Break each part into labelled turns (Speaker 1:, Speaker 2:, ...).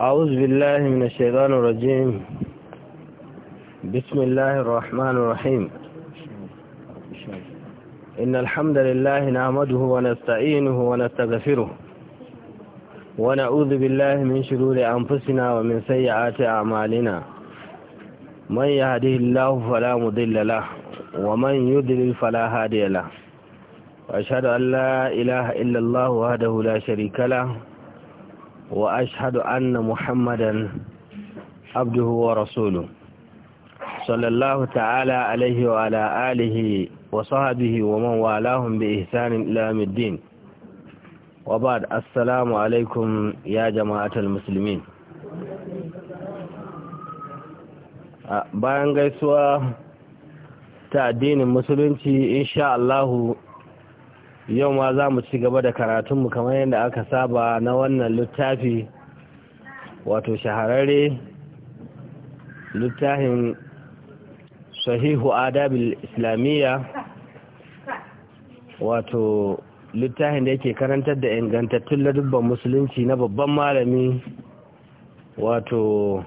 Speaker 1: أعوذ بالله من الشيطان الرجيم بسم الله الرحمن الرحيم إن الحمد لله نعمده ونستعينه ونستغفره ونعوذ بالله من شرور أنفسنا ومن سيئات أعمالنا من يهده الله فلا مضل له ومن يضلل فلا هادي له وأشهد أن لا إله إلا الله وحده لا شريك له وأشهد أن محمدا عبده ورسوله صلى الله تعالى عليه وعلى آله وصحبه ومن والاهم بإحسان إلى يوم الدين وبعد السلام عليكم يا جماعة المسلمين bayan gaisuwa ta addinin musulunci insha Allahu yau ma za mu ci gaba da karatunmu kamar yadda aka saba na wannan littafi wato shahararre littafin sahihu adabil islamiyya wato littafin da yake karantar da ingantattun ladubban musulunci na babban malami wato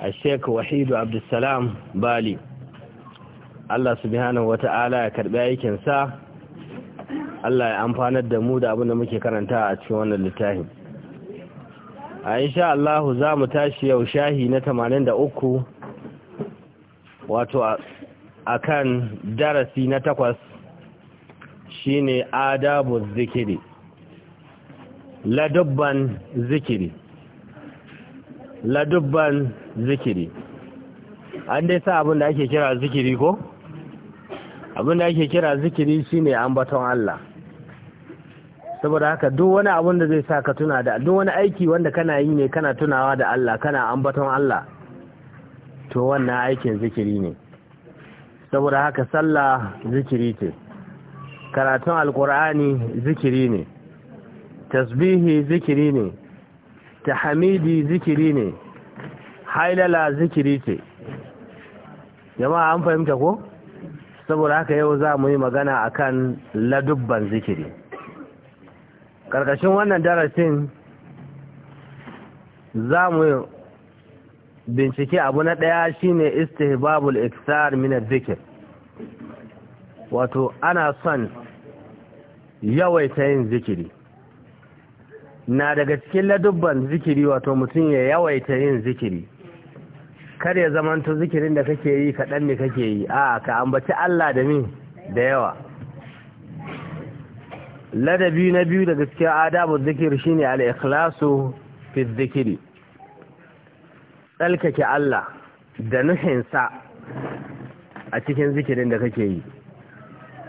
Speaker 1: a sheik wahidu abdulsalam bali allah subhanahu wata'ala ya karbi aikinsa Allah ya amfanar da mu da abin da muke karanta a cikin wannan littafin. a insha Allah za mu tashi yau shahi na 83 wato akan darasi na takwas shine adabu zikiri ladubban zikiri ladubban zikiri an dai sa abin da ake kira zikiri ko abin da ake kira zikiri shine ambaton Allah saboda haka duk wani abun da zai sa ka tuna da duk wani aiki wanda kana yi ne kana tunawa da Allah kana ambaton Allah to wannan aikin zikiri ne saboda haka sallah zikiri ce karatun alkur'ani zikiri ne tasbihi zikiri ne tahmidi zikiri ne hailala zikiri ce jama'a an fahimta ko saboda haka yau za mu yi magana akan ladubban zikiri ƙarƙashin wannan darasin za mu bincike abu na ɗaya shine istihbabul iktar mina zikir wato ana son yawaita yin zikiri na daga cikin ladubban zikiri wato mutum ya yawaita yin zikiri kar ya zamanta zikirin da kake yi kaɗan ne kake yi a ka ambaci Allah da mi da yawa ladabi na biyu da cikin adabu zikir shine al-ikhlasu fi zikiri tsalkake Allah da nufinsa a cikin zikirin da kake yi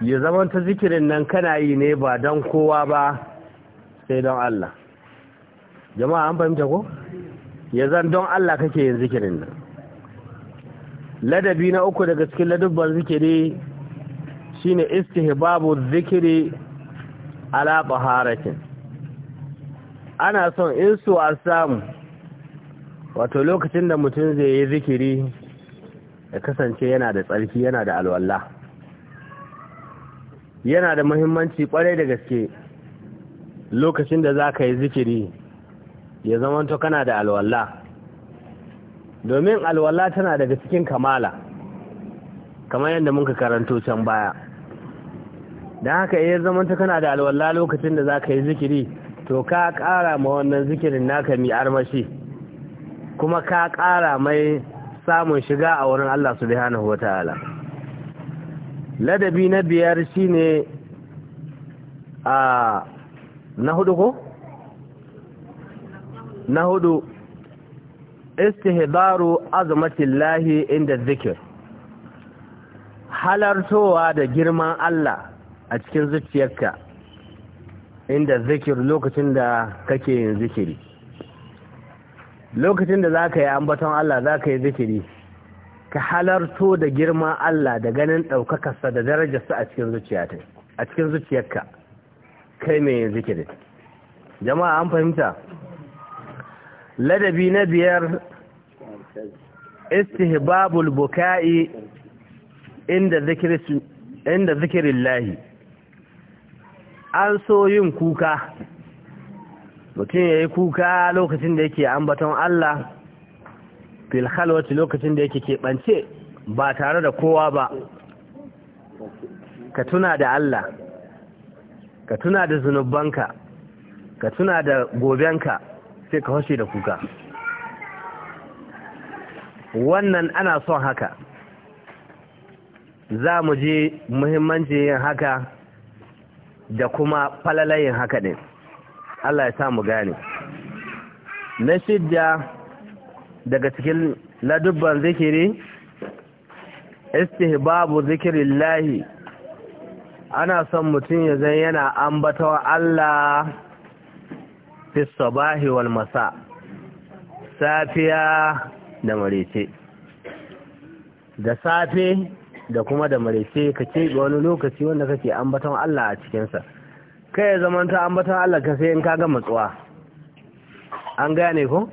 Speaker 1: ya zamanta zikirin nan kana yi ne ba don kowa ba sai don Allah jama'a an fahimta ko ya zan don Allah kake yin zikirin nan ladabi na uku daga cikin ladubban zikiri shine istihbabu zikiri ala baharatin ana son in su a samu wato lokacin da mutum zai yi zikiri ya kasance yana da tsarki yana da alwallah yana da muhimmanci kwarai da gaske lokacin da za ka yi zikiri ya zamanto kana da alwallah domin alwallah tana daga cikin kamala kamar yadda muka karanto can baya da haka iya zamanta kana da alwala lokacin da za ka yi zikiri to ka kara ma wannan zikirin naka mi armashi kuma ka ƙara mai samun shiga a wurin Allah subhanahu wa ta'ala ladabi na biyar shine a na hudu ko? na hudu istihdaru azmatillahi inda zikir halartowa da girman Allah a cikin zuciyarka inda zikir lokacin da kake yin zikiri lokacin da za ka yi ambaton Allah za ka yi zikiri ka halarto da girma Allah da ganin ɗaukakarsa da darajarsa a cikin zuciyarka a cikin zuciyarka kai mai yin zikiri jama'a an fahimta ladabi na biyar istihbabul buka'i inda zikirin lahi an so yin kuka mutum ya yi kuka lokacin da yake ambaton Allah fil halwaci lokacin da yake keɓance ba tare da kowa ba ka tuna da Allah ka tuna da zunubanka ka tuna da gobenka sai ka hoshe da kuka wannan ana son haka za mu je muhimmanci yin haka da kuma falalayin haka ɗin Allah ya sa mu gane na shidda daga cikin ladubban zikiri istihbabu zikirillahi ana son mutum ya zai yana ambatar Allah fi bahiwal masa safiya da marece da safe da kuma da marece ka ce wani lokaci wanda kake ambaton Allah a cikinsa kai ya zamanta ambaton Allah ka sai in ka ga matsuwa an gane ko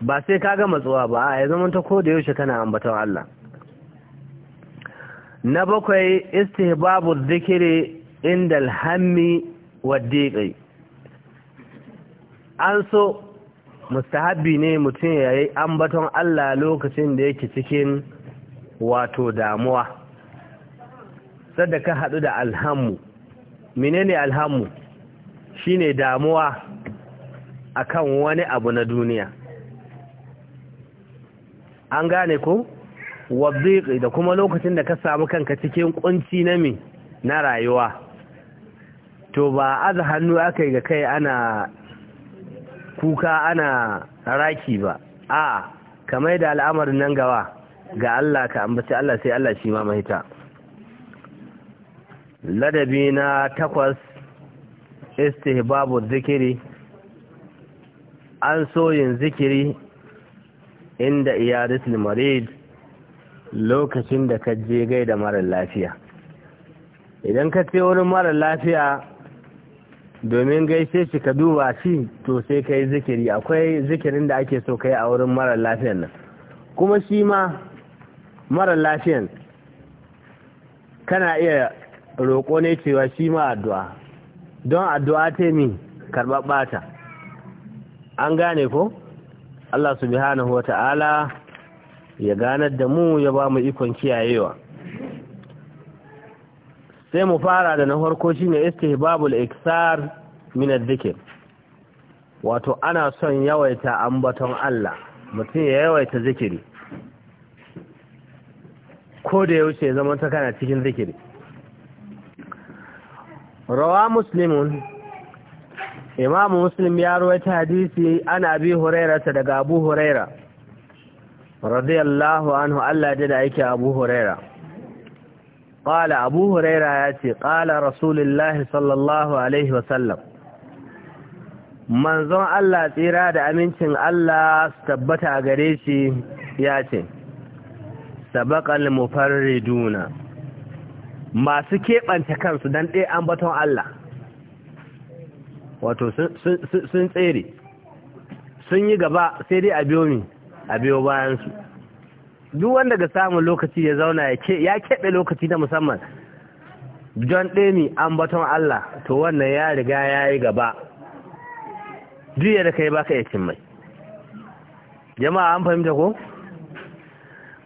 Speaker 1: ba sai ka ga matsuwa ba ya zamanta ta ko da yaushe kana ambaton Allah na bakwai istihbabu zikiri inda alhammi wa diqi an so mustahabbi ne mutum yayi ambaton Allah lokacin da yake cikin wato damuwa sadda ka haɗu da alhammu menene alhamu, shine damuwa akan wani abu na duniya an gane ko wabdiqi da kuma lokacin da ka samu kanka cikin kunci na me na rayuwa to ba aza hannu akai yi ga kai ana kuka ana raki ba a kamar da al'amarin nan gaba. ga Allah ka ambaci Allah sai Allah shi ma mahita ladabi na takwas istihbabu zikiri an so yin zikiri inda iyadatul marid lokacin da ka je gai da mara lafiya idan ka ce wurin marar lafiya domin gaishe shi ka duba shi to sai ka yi zikiri akwai zikirin da ake so ka yi a wurin marar lafiyan nan kuma shi ma mara lafiyan kana iya roƙo ne cewa shi ma addu'a don addu'a ta min karɓar ɓata an gane ko Allah subhanahu ta'ala ya ganar da mu ya ba mu ikon kiyayewa sai mu fara da na farko iske babul iksar minar adh wato ana son yawaita ambaton Allah mutum ya yawaita zikiri ko da yaushe zama ta kana cikin zikiri rawa muslimun imamu muslim ya ruwaita hadisi ana bi hurairata daga abu huraira radiyallahu anhu Allah da yake abu huraira qala abu huraira ya ce qala rasulullahi sallallahu alaihi wasallam manzon Allah tsira da amincin Allah su tabbata gare shi ya ce sabaqal mufarriduna masu keɓanta kansu dan ɗaya ambaton Allah wato sun tsere sun yi gaba sai dai a biyo mi a biyo bayansu duk wanda ga samun lokaci ya zauna ya keɓe lokaci na musamman don ni ambaton Allah to wannan ya riga ya yi gaba duk da kai baka ya cin mai jama'a an fahimta ko?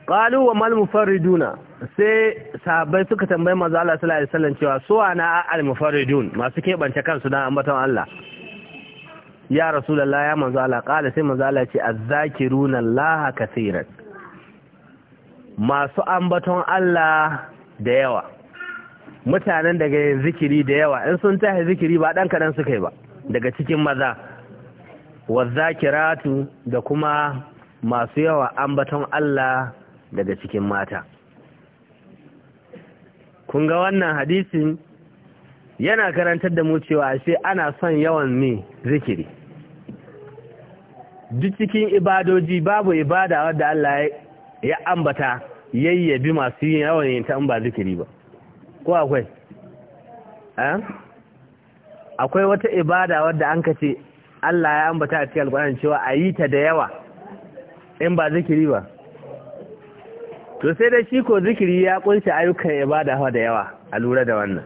Speaker 1: qalu wa mal mufarriduna sai sabai suka tambayi manzo Allah sallallahu alaihi wasallam cewa su al mufarridun masu keɓance kansu na ambaton Allah ya rasulullah ya manzo Allah qala sai manzo Allah ce azzakiruna Allah masu ambaton Allah da yawa mutanen daga yin zikiri da yawa in sun tahi zikiri ba dan kadan suka yi ba daga cikin maza wa zakiratu da kuma masu yawa ambaton Allah daga cikin mata kun ga wannan hadisin yana karantar da mu cewa ana son yawan me zikiri duk cikin ibadoji babu ibada wadda Allah ya ambata yayyabi masu yin yawan yin ta'in ba zikiri ba ko akwai eh? akwai wata ibada wadda an kace Allah ya ambata a cikin alƙur'ani cewa a yi ta da yawa in ba zikiri ba to sai dai shi ko zikiri ya kunshi ayyukan ibada fa da yawa a lura da wannan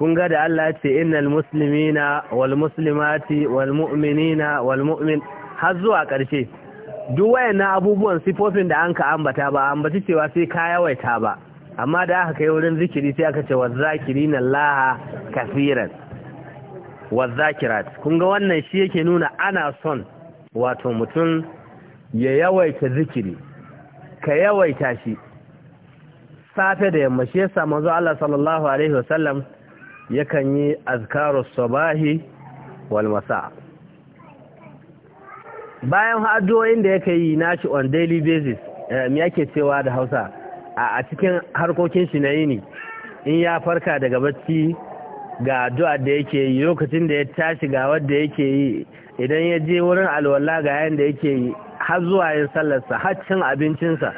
Speaker 1: kun ga da Allah ce innal muslimina wal muslimati wal mu'minina wal mu'min har zuwa ƙarshe duk wayannan abubuwan sifofin da anka ambata ba ambaci cewa sai ka yawaita ba amma da aka kai wurin zikiri sai aka ce wazakirina Allah kafiran Wazakirat. kun ga wannan shi yake nuna ana son wato mutum ya yawaita zikiri ka yawaita shi safe da yamma shi yasa manzo Allah sallallahu alaihi wasallam yakan yi azkarus sabahi wal masa bayan addu'o'in da yake yi na nashi on daily basis eh, me yake cewa da Hausa a cikin harkokin shi na yini in ya farka daga bacci ga addu'a da yake yi lokacin da ya tashi ga wanda yake yi idan ya je wurin alwala ga yanda yake yi har zuwa yin sallarsa har cin abincinsa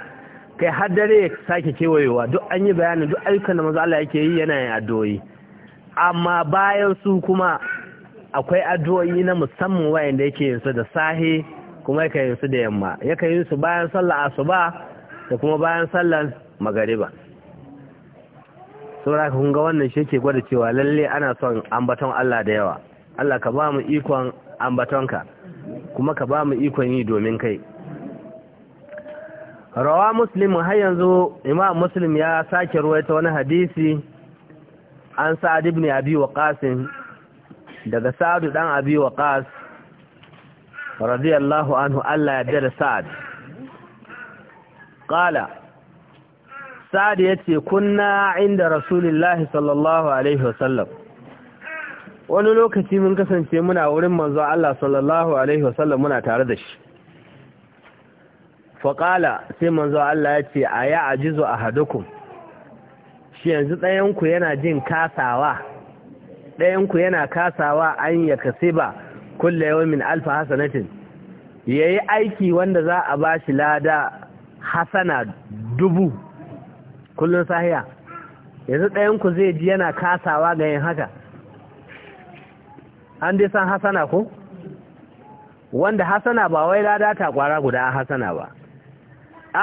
Speaker 1: kai har dare ya sake kewayewa duk an yi bayanin duk ayyukan da maza Allah yake yi yana yin addu'o'i amma bayan su kuma akwai addu'o'i na musamman da yake yin su da sahi kuma yake yin su da yamma yake yin su bayan sallar asuba da kuma bayan sallar magariba saboda kun ga wannan shi ke gwada cewa lalle ana son ambaton Allah da yawa Allah ka ba mu ikon ambatonka kuma ka ba mu ikon yi domin kai rawa muslim har yanzu imam muslim ya sake ruwaita wani hadisi an sa'ad ibn abi waqas daga sa'ad dan abi waqas radiyallahu anhu Allah ya dare sa'ad qala sa'ad yace kunna inda rasulullahi sallallahu alaihi wasallam wani lokaci mun kasance muna wurin manzo Allah sallallahu alaihi wasallam muna tare da shi faƙala sai manzo Allah ya ce a ya ajizu ahadukum shi yanzu ɗayanku yana jin kasawa ɗayanku yana kasawa an ya kasiba kulle yawmin alfa hasanatin yayi aiki wanda za a ba shi lada hasana dubu kullun sahiya yanzu ɗayanku zai ji yana kasawa ga yin haka an dai san hasana ko wanda hasana ba wai lada ta kwara guda hasana ba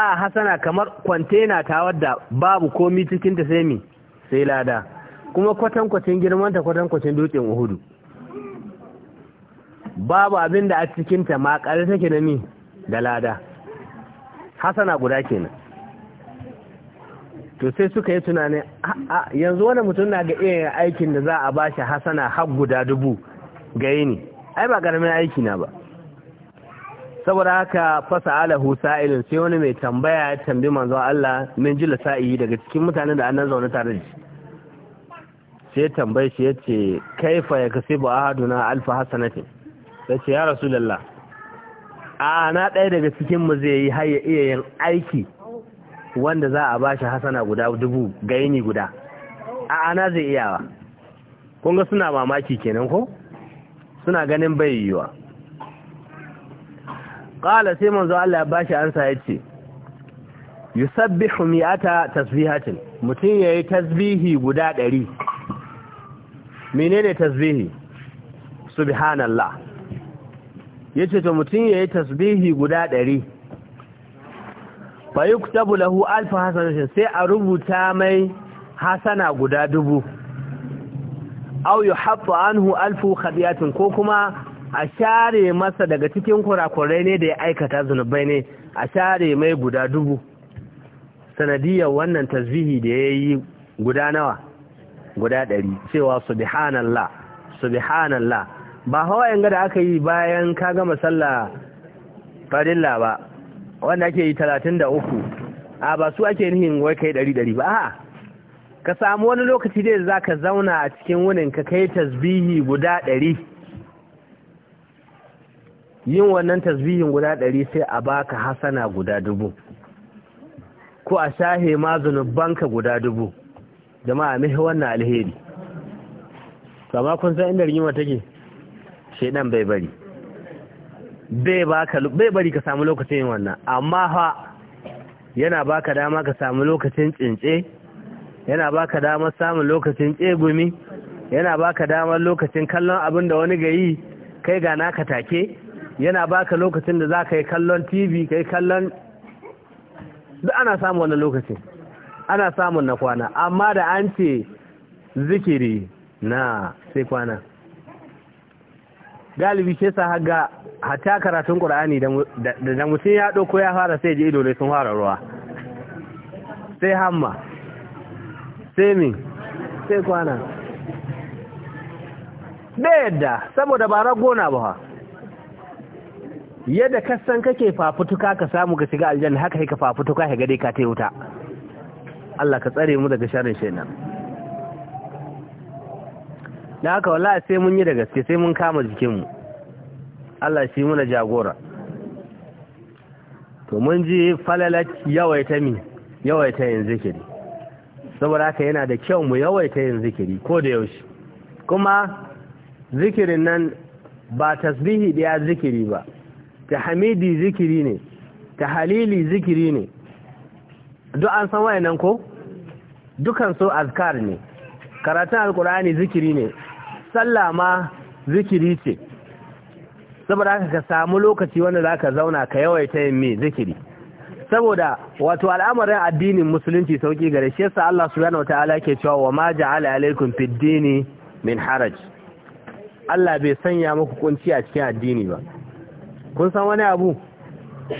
Speaker 1: a hasana kamar kwantena ta wadda babu komi cikin ta sai mi sai lada kuma kwatankwacin kwatan kwatankwacin dutsen uhudu babu abin da a cikin ta makare take da mi da lada hasana guda kenan to sai suka yi tunanin yanzu wani mutum na ga iya aikin da za a bashi hasana har guda dubu gaye ne ai ba ƙaramin aiki na ba saboda haka fasa alahu sa'ilin sai wani mai tambaya ya tambi manzo Allah min jila sa'i daga cikin mutanen da annan zaune tare da shi sai tambaye shi yace kaifa ya kasibu ahaduna alfa hasanatin ce ya rasulullah a na ɗaya daga cikin mu zai yi har ya iya yin aiki wanda za a bashi hasana guda dubu gaini guda a ana zai iyawa kun ga suna mamaki kenan ko suna ganin bai yiwa ƙala sai manzo Allah ba shi ansa ya ce yusabbihu mi'ata tasbihatin mutum ya yi tasbihi guda ɗari menene tasbihi subhanallah Ya ce to mutum ya yi tasbihi guda ɗari fa yuktabu lahu alfa hasanashin sai a rubuta mai hasana guda dubu au yuhaffa anhu alfu khadiyatin ko kuma a share masa daga cikin kurakurai ne da ya aikata zunubai ne a share mai guda dubu sanadiyar wannan tasbihi da ya yi guda nawa guda ɗari cewa subhanallah subhanallah ba hawayen ga da aka yi bayan ka gama sallah farilla ba wanda ake yi talatin da uku a ba su ake nihin wai kai ɗari ɗari ba ka samu wani lokaci dai za ka zauna a cikin wunin ka kai tasbihi guda ɗari yin wannan tasbihin guda ɗari sai a baka hasana guda dubu ko a shahe ma zunubanka guda dubu jama'a mihi wannan alheri kama kun san inda rigima take shaidan bai bari bai bari ka samu lokacin yin wannan amma fa yana baka dama ka samu lokacin tsince yana baka damar samun lokacin tsegumi yana baka damar lokacin kallon abin da wani gayi kai ga naka take yana baka lokacin da za ka yi kallon tv ka yi kallon duk ana samun wani lokacin ana samun na kwana amma da an ce zikiri na sai kwana galibi ke sa haga hata karatun ƙura'ani da mutum ya ɗauko ya fara sai ji ido ne sun fara ruwa sai hamma sai sai kwana da yadda saboda ba ragona ba yadda kasan kake fafutuka ka samu ka shiga aljanna haka haka fafutuka ka gade ka ta wuta Allah ka tsare mu daga sharrin shaitan da haka wala sai mun yi da gaske sai mun kama jikinmu Allah shi muna jagora to mun ji falalat yawaita mi yawaita yin zikiri saboda haka yana da kyau mu yawaita yin zikiri ko da yaushe kuma zikirin nan ba tasbihi ɗaya zikiri ba ta hamidi zikiri ne ta halili zikiri ne duk an san wayannan ko dukan su azkar ne karatun alkur'ani zikiri ne sallah ma zikiri ce saboda haka ka samu lokaci wanda zaka zauna ka yawaita yin mai zikiri saboda wato al'amarin addinin musulunci sauki gare shi yasa Allah subhanahu wataala ke cewa wa ma ja'ala alaikum fid dini min haraj Allah bai sanya muku kunci a cikin addini ba kun san wani abu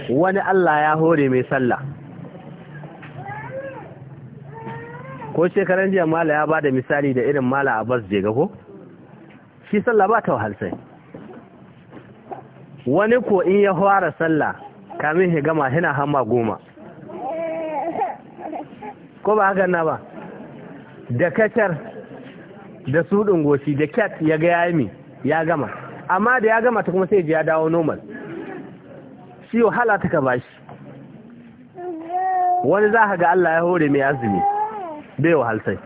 Speaker 1: wani Allah ya hore mai sallah ko shekaran jiya mala ya bada misali da irin mala Abbas je ga ko shi sallah ba ta wahal sai wani ko in ya fara sallah kamin shi gama yana hamma goma ko ba haka na ba da kacar da su dungoshi da cat ya ga yami ya gama amma da ya gama ta kuma sai ji ya dawo normal shi wahala ta ka bashi wani za ka ga Allah ya hore mai azumi bai wahalsai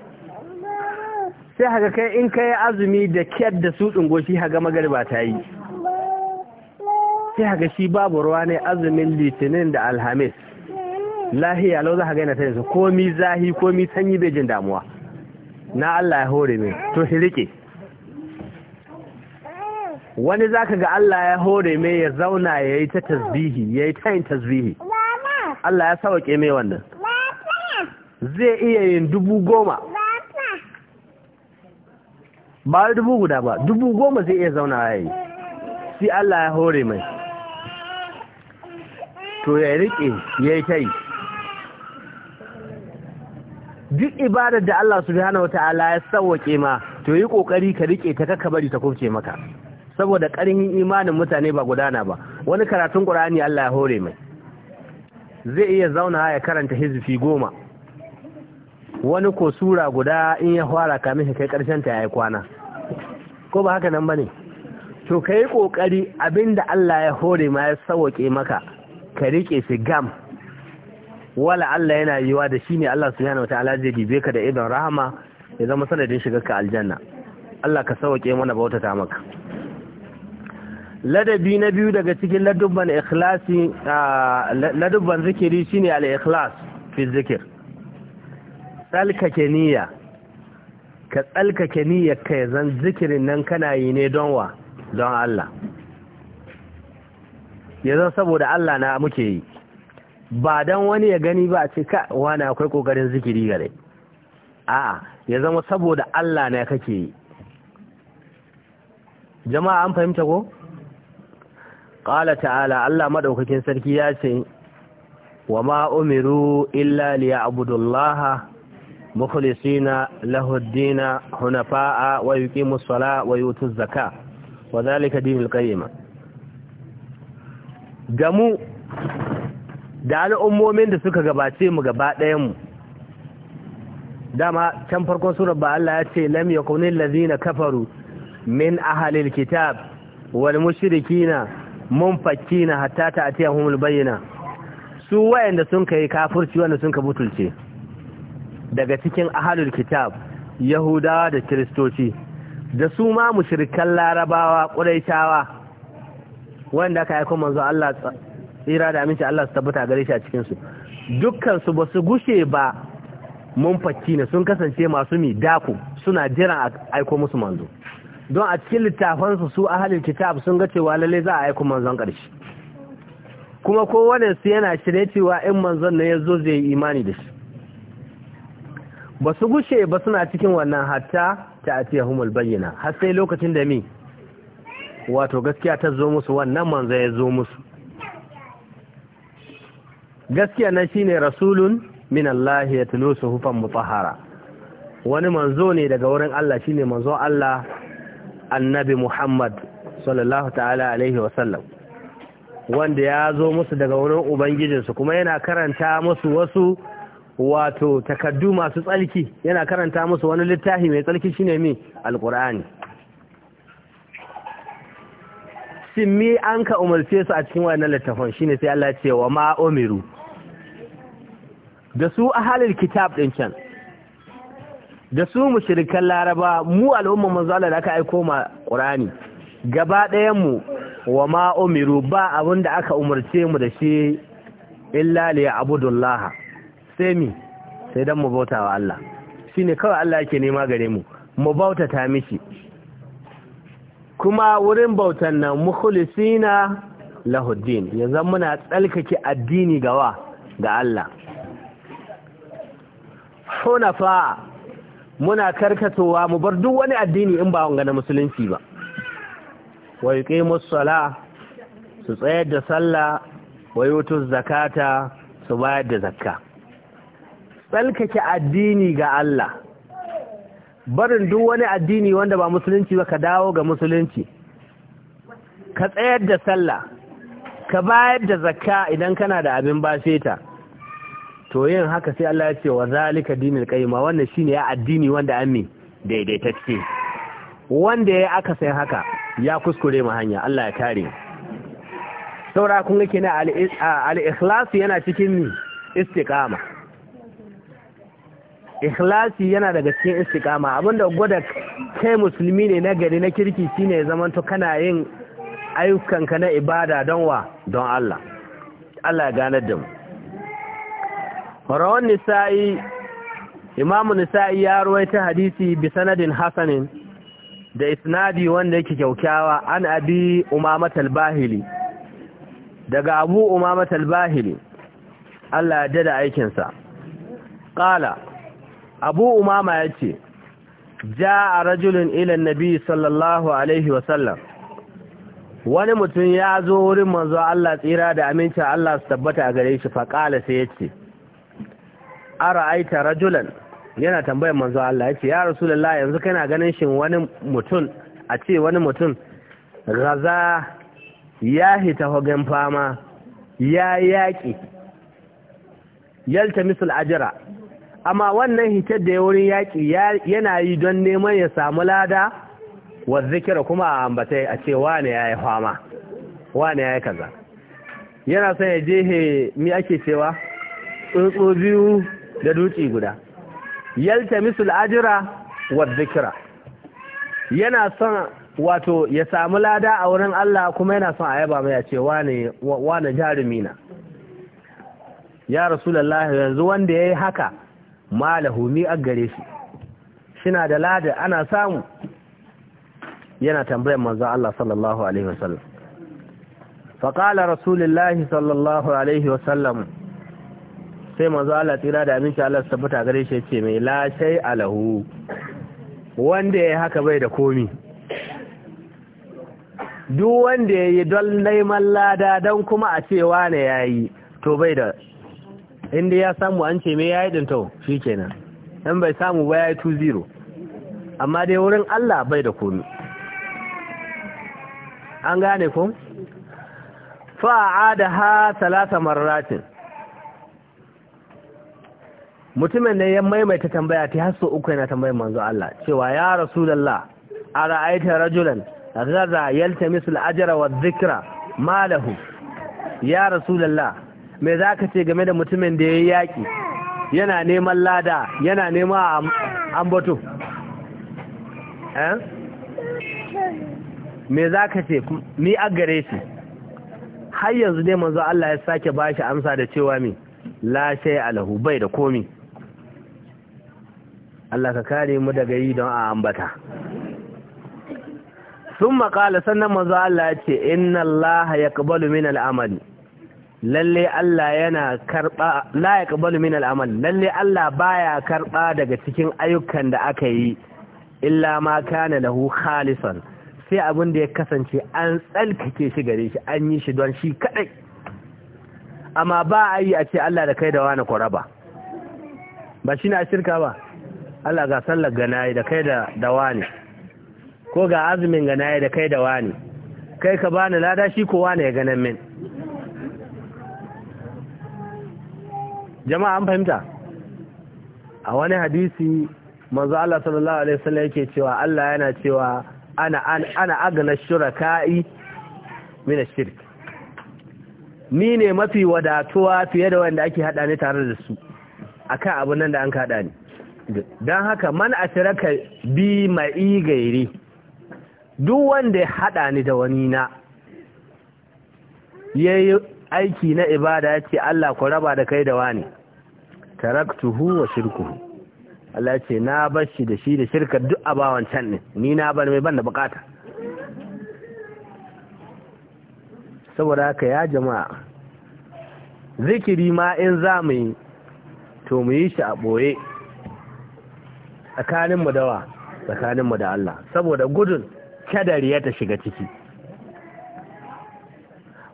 Speaker 1: sai haka kai in kai azumi da kyar da su goshi haga magarba ta yi sai haka shi babu ruwa ne azumin litinin da alhamis lahiya lau za ka gaina ta yanzu komi zahi komi sanyi bai jin damuwa na Allah ya hore min to shi rike wani za ka ga Allah ya hore mai ya zauna ya yi ta tasbihi ya yi ta yin tasbihi
Speaker 2: Allah ya sauke mai wannan zai iya yin dubu goma
Speaker 1: ba dubu guda ba dubu goma zai iya zauna ya yi si Allah ya hore mai to ya riƙe ya yi ta yi duk ibadar da Allah subhanahu wata'ala ya sauwaƙe ma to yi ƙoƙari ka riƙe ta kakka bari ta kofce maka saboda ƙarin imanin mutane ba gudana ba wani karatun ƙur'ani Allah ya hore mai zai iya zauna ya karanta hizifi goma wani ko sura guda in ya fara kamin kai ƙarshen ta yayi kwana ko ba haka nan bane to kai ƙoƙari, abinda Allah ya hore ma ya sauwaƙe maka ka riƙe shi gam wala Allah yana yiwa da shi ne Allah subhanahu wataala zai dibe ka da idan rahama ya zama sanadin shiga ka aljanna Allah ka sauke mana bauta ta maka ladabi na biyu daga cikin ladubban ikhlasi ladubban zikiri shine al-ikhlas fi zikir niyya ka tsalkake niyyar ka zan zikirin nan kana yi ne don wa don Allah ya zan saboda Allah na muke yi ba don wani ya gani ba a ce ka wani akwai ƙoƙarin zikiri gare a'a ya zama saboda Allah na kake yi jama'a an fahimta ko ƙala ta'ala Allah maɗaukakin sarki ya ce wa ma umiru illa abudullaha mukhlisina lahu hunafa'a wa yuqimus salata wa yutuz zakata wa dhalika dinul qayyimah da mu da al'ummomin da suka gabace mu gaba ɗayanmu dama can farkon surar ba Allah ya ce lam yakunil ladina kafaru min ahlil kitab wal mushrikina munfakina hatta ta'tiyahumul bayyana su wayanda sun yi kafirci wanda sun ka butulce daga cikin ahlul kitab yahudawa da kiristoci da su ma mushrikan larabawa ƙuraitawa wanda aka aiko manzo Allah tsira da aminci Allah su tabbata gare shi a cikin su dukkan su basu gushe ba mun fakki ne sun kasance masu mi daku suna jiran aiko musu manzo don a cikin littafan su su ahalin kitab sun ga cewa lalle za a aiko manzon karshe kuma kowane su yana shirye cewa in manzon ne yazo zai yi imani da shi ba su gushe ba suna cikin wannan hatta ta atiyahumul bayyana har sai lokacin da mi wato gaskiya ta zo musu wannan manzo ya zo musu gaskiya na shine rasulun min Allah ya tulo Hufan mutahara wani manzo ne daga wurin Allah shine manzo Allah annabi Muhammad sallallahu ta'ala alaihi sallam wanda ya zo musu daga wurin ubangijinsu kuma yana karanta musu wasu wato takaddu masu tsalki yana karanta musu wani littafi mai tsalki shine mi alqur'ani sin mi an ka umarce su a cikin wannan littafin shine sai Allah ce wa ma umiru da su ahalil kitab din can da su mushrikan laraba mu al'umma manzo Allah da aka aiko ma qur'ani gaba ɗayan mu wa ma umiru ba abun da aka umarce mu da shi illa li abudullah sai mi sai dan mu bautawa Allah shine kawai Allah yake nema gare mu mu bautata mishi kuma wurin bautan nan mukhlisina lahuddin yanzu muna tsalkake addini gawa ga Allah hunafa muna karkatowa mu bar duk wani addini in ba wanga na musulunci ba wa yuqimus sala su tsayar da sallah wa yutuz zakata su bayar da zakka tsalkake addini ga Allah barin duk wani addini wanda ba musulunci ba ka dawo ga musulunci ka tsayar da sallah ka bayar da zakka idan kana da abin bashe ta to yin haka sai Allah ya ce wa zalika dinul qayyima wannan shine ya addini wanda an ciki. wanda ya aka sai haka ya kuskure mu hanya Allah ya kare saura kun ga kina al-ikhlas yana cikin ni istiqama ikhlasi yana daga cikin istiqama abinda gwada kai musulmi ne na gari na kirki shine zaman to kana yin ayyukanka na ibada don wa don Allah Allah ya gane da mu rawan nisa'i imamu nisa'i ya ruwaita hadisi bi sanadin hasanin da isnadi wanda yake kyaukyawa an abi umama talbahili daga abu umama talbahili Allah ya dada aikinsa qala abu umama ya ce ja a rajulun ilan nabi sallallahu alaihi wasallam wani mutum ya zo wurin manzo Allah tsira da aminci Allah su tabbata a gare shi faƙala sai ya ce a ra'aita rajulan yana tambayar manzo Allah ya ce ya rasulallah yanzu kana ganin shi wani mutum a ce wani mutum Raza ya hita hogan fama ya yaƙi yalta misul ajira amma wannan hitar da ya wurin yaƙi yana yi don neman ya samu lada wa zikira kuma a ambatai a ce wane ya yi fama wane ya yi kaza yana son ya jehe mi ake cewa tsuntsu biyu da dutse guda yalta misul ajira wa zikira yana son wato ya samu lada a wurin Allah kuma yana son a yaba mai a ce wane jarumi na ya rasu rasulallah yanzu wanda ya yi haka malahu mi a gare shi suna da lada ana samu yana tambayar manzon Allah sallallahu alaihi wasallam faqala rasulullahi sallallahu alaihi wasallam sai manzon Allah tira da aminci Allah tabbata gare shi yace mai la shay alahu wanda ya haka bai da komi duk wanda ya yi don neman lada don kuma a cewa ne ya yi to bai da inda ya samu an ce mai yayi ɗinta shi kenan, in bai samu ba ya yi 2-0 amma dai wurin Allah bai da komi an gane Fa'a da ha salasa marratin mutumin da ya maimaita tambaya ta hasso uku yana tambayar manzo Allah cewa ya rasu a ra'aita rajulan zaza yalta misul ajara wa dhikra ma lahu ya rasulullah me za ka ce game da mutumin da ya yi yaƙi yana neman lada yana neman ambato eh? me za ka ce ni a gare shi har yanzu ne manzo Allah ya sake ba shi amsa da cewa mi la alahu bai da komi Allah ka kare mu daga yi don a ambata sun maƙala sannan manzo Allah ya ce inna Allah ya kabalu min al'amali lalle Allah yana karba la yaqbalu min al-amal lalle Allah baya karba daga cikin ayyukan da aka yi illa ma kana lahu khalisan sai abin da ya kasance an tsalkake shi gare shi an yi shi don shi kadai amma ba a yi a ce Allah da kai da wani kwaraba ba shi na shirka ba Allah ga sallar ganaye da kai da da wani ko ga azumin ganaye da kai da wani kai ka bani lada shi ko wani ya ganin min jama'a an fahimta a wani hadisi manzo Allah sallallahu alaihi wasallam yake cewa Allah yana cewa ana ana agna shuraka'i min ash-shirk ni ne mafi wadatuwa fiye da wanda ake hada ni tare da su akan abun nan da an kada ni dan haka man ashraka bi ma'i gairi duk wanda ya hada ni da wani na yayi aiki na ibada ya ce Allah ku raba da kai da wani taraktuhu wa shirkuhu Allah ce na bar da shi da shirka duk abawan can ne ni na bar mai ban da bukata saboda haka ya jama'a zikiri ma in za mu yi to mu yi shi a ɓoye tsakaninmu dawa tsakaninmu da Allah saboda gudun kadari ya ta shiga ciki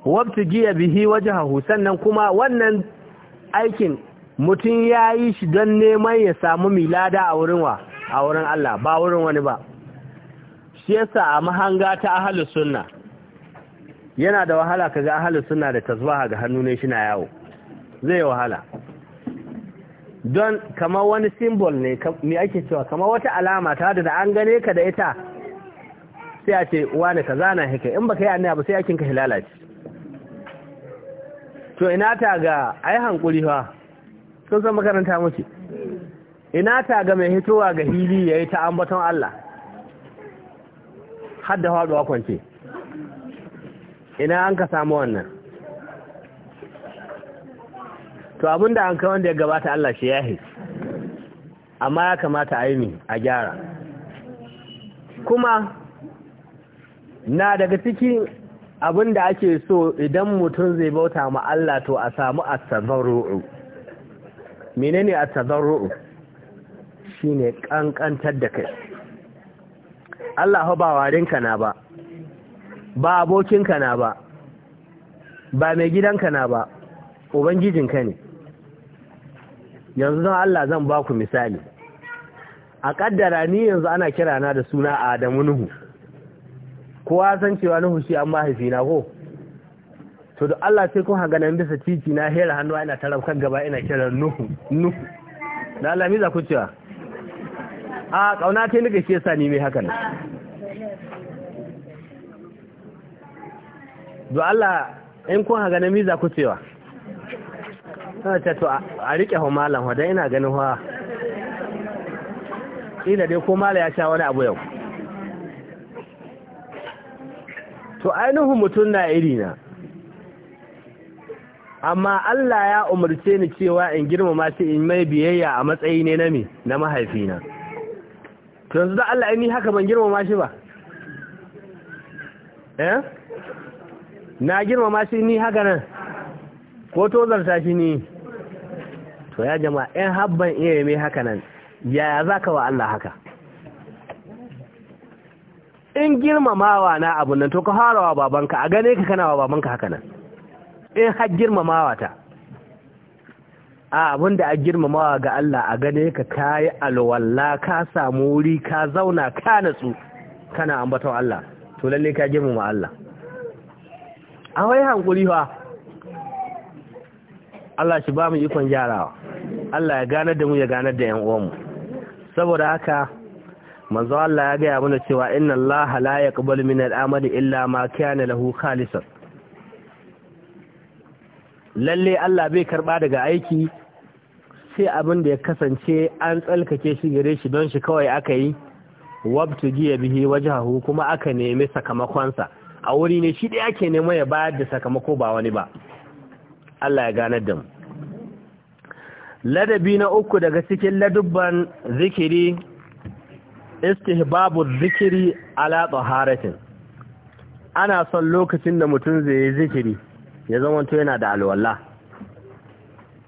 Speaker 1: giya bihi hahu sannan kuma wannan aikin mutum ya yi shi don neman ya samu milada a wurin wa a wurin Allah ba wurin wani ba shi yasa a mahanga ta ahalus sunna yana da wahala kaga ahalus sunna da tasbaha ga hannu ne shi na yawo zai wahala don kama wani symbol ne mai ake cewa kama wata alama ta da an gane ka da ita sai a ce wani ka zana haka in baka yi annabi sai yakin ka hilalaci to ina ta ga ai hankuri fa sun san makaranta muke ina ta ga mai hitowa ga hili yayi ta ambaton Allah hadda faduwa kwance
Speaker 2: ina an ka samu wannan
Speaker 1: to abinda an ka wanda ya gabata Allah shi yahi amma ya kamata a yi ne a gyara kuma na daga cikin abin da ake so idan mutum zai bauta ma Allah to a samu at-tadarru'u menene at-tadarru'u shine kankantar da kai Allah ba warinka na ba ba abokinka na ba ba mai gidanka na ba ubangijinka ne yanzu don Allah zan ba ku misali a kaddara ni yanzu ana kirana da suna Adamu Nuhu kowa san cewa nuhu shi an mahaifi na ko to da Allah sai kun haga nan bisa titi na hera hannu ina tarab kan gaba ina kiran nuhu nuhu da Allah me za ku cewa a kauna ta nake shi yasa ni mai haka nan da Allah in kun haga nan me za ku cewa ta ce to a rike ho malam ho dai ina ganin ho ina dai ko mala ya sha wani abu yau to ainihin mutum na iri na, amma Allah ya umarce ni cewa in girmama shi in mai biyayya a matsayi ne na me na mahaifina to yanzu da Allah ni haka ban girmama shi ba eh na girmama shi ni haka nan ko to zarta shi ni to ya jama'a in habban iyaye mai haka nan yaya zaka wa Allah haka in girmamawa na abun nan to ka harawa babanka a gane ka kana wa babanka haka nan in har girmamawa ta a abun da a girmamawa ga Allah a gane ka kayi alwala ka samu wuri ka zauna ka natsu kana ambaton Allah to lalle ka girmama Allah a wai hankuri fa Allah shi ba mu ikon gyarawa Allah ya ganar da mu ya ganar da 'yan uwanmu saboda haka manzo Allah ya gaya mana cewa inna Allah la yaqbalu min al-amali illa ma kana lahu khalisan lalle Allah bai karba daga aiki sai abin da ya kasance an tsalkake shi gare shi don shi kawai aka yi wabtu giya bihi wajahu kuma aka nemi sakamakonsa a wuri ne shi da yake nema ya bayar da sakamako ba wani ba Allah ya ganar da mu ladabi na uku daga cikin ladubban zikiri istihbabu zikiri ala taharatin ana son lokacin da mutum zai yi zikiri ya zamanto yana da alwala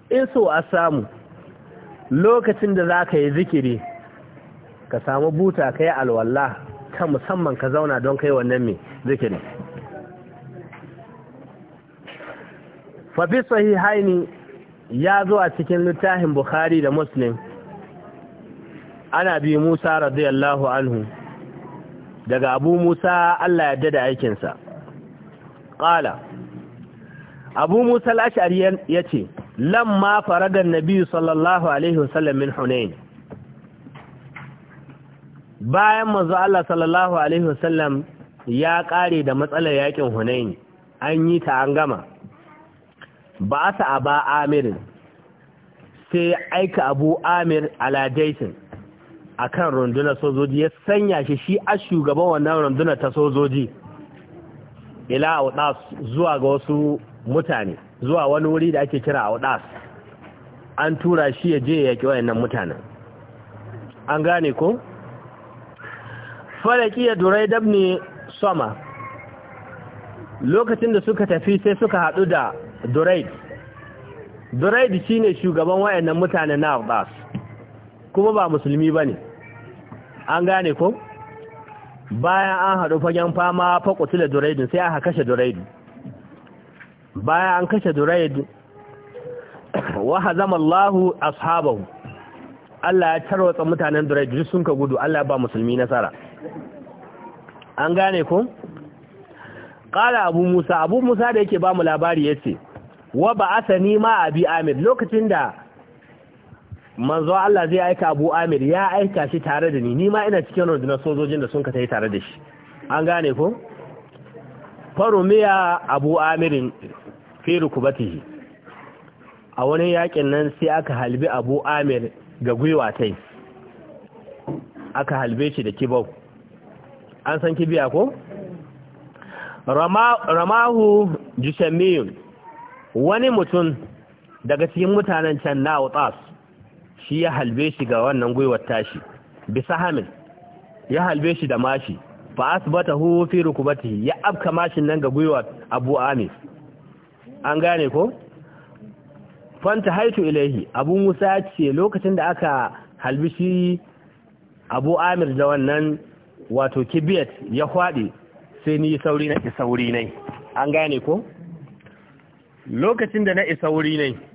Speaker 1: in so a samu lokacin da za ka yi zikiri ka samu buta ka yi alwala ta musamman ka zauna don kai wannan mai zikiri fafi sahihaini ya zo a cikin littafin bukhari da muslim ana bi Musa radiyallahu anhu daga Abu Musa Allah ya dada aikinsa qala Abu Musa al-Ash'ari yace lamma faraga an-nabi sallallahu alaihi wasallam min Hunain bayan manzo Allah sallallahu alaihi wasallam ya kare da matsalar yakin Hunain an yi ta an gama ba sa aba Amir sai aika Abu Amir ala Jaisin a kan rundunar sojoji ya sanya shi shi a shugaban wannan rundunar ta sojoji ila audas zuwa ga wasu mutane zuwa wani wuri da ake kira audas an tura shi ya je ya yaƙi wayannan mutanen an gane ko falaki ya durai dabni sama lokacin da suka tafi sai suka hadu da duraid shi ne shugaban wayannan mutane na audas kuma ba musulmi ba ne an gane ko bayan an haɗu fagen fama da duraidu sai aka kashe duraidu bayan an kashe duraidu wa zama Allahu ashabahu Allah ya tarwatsa mutanen duraidu sun ka gudu Allah ba musulmi nasara an gane ko ƙala abu musa abu musa da yake ba mu labari ya wa ba'athani ma abi amir lokacin da manzo Allah zai aika Abu Amir ya aika shi tare da ni ni ma ina cikin rundunar sojojin da sun ka tai tare da shi an gane ko farumiya Abu Amirin fi rukubatihi a wani yakin nan sai aka halbi Abu Amir ga gwiwa tai aka halbe shi da kibau an san kibiya ko ramahu jishamiyun wani mutum daga cikin mutanen can na utas shi ya halbe shi ga wannan gwiwar tashi bisa Hamil. ya halbe shi da mashi fa asbata hu fi rukubatihi ya abka mashin nan ga gwiwar Abu Amis an gane ko fanta haitu ilaihi Abu Musa ce lokacin da aka halbi shi Abu Amir da wannan wato kibiyat ya kwaɗe sai ni sauri na wuri nai an gane ko lokacin da na isauri nai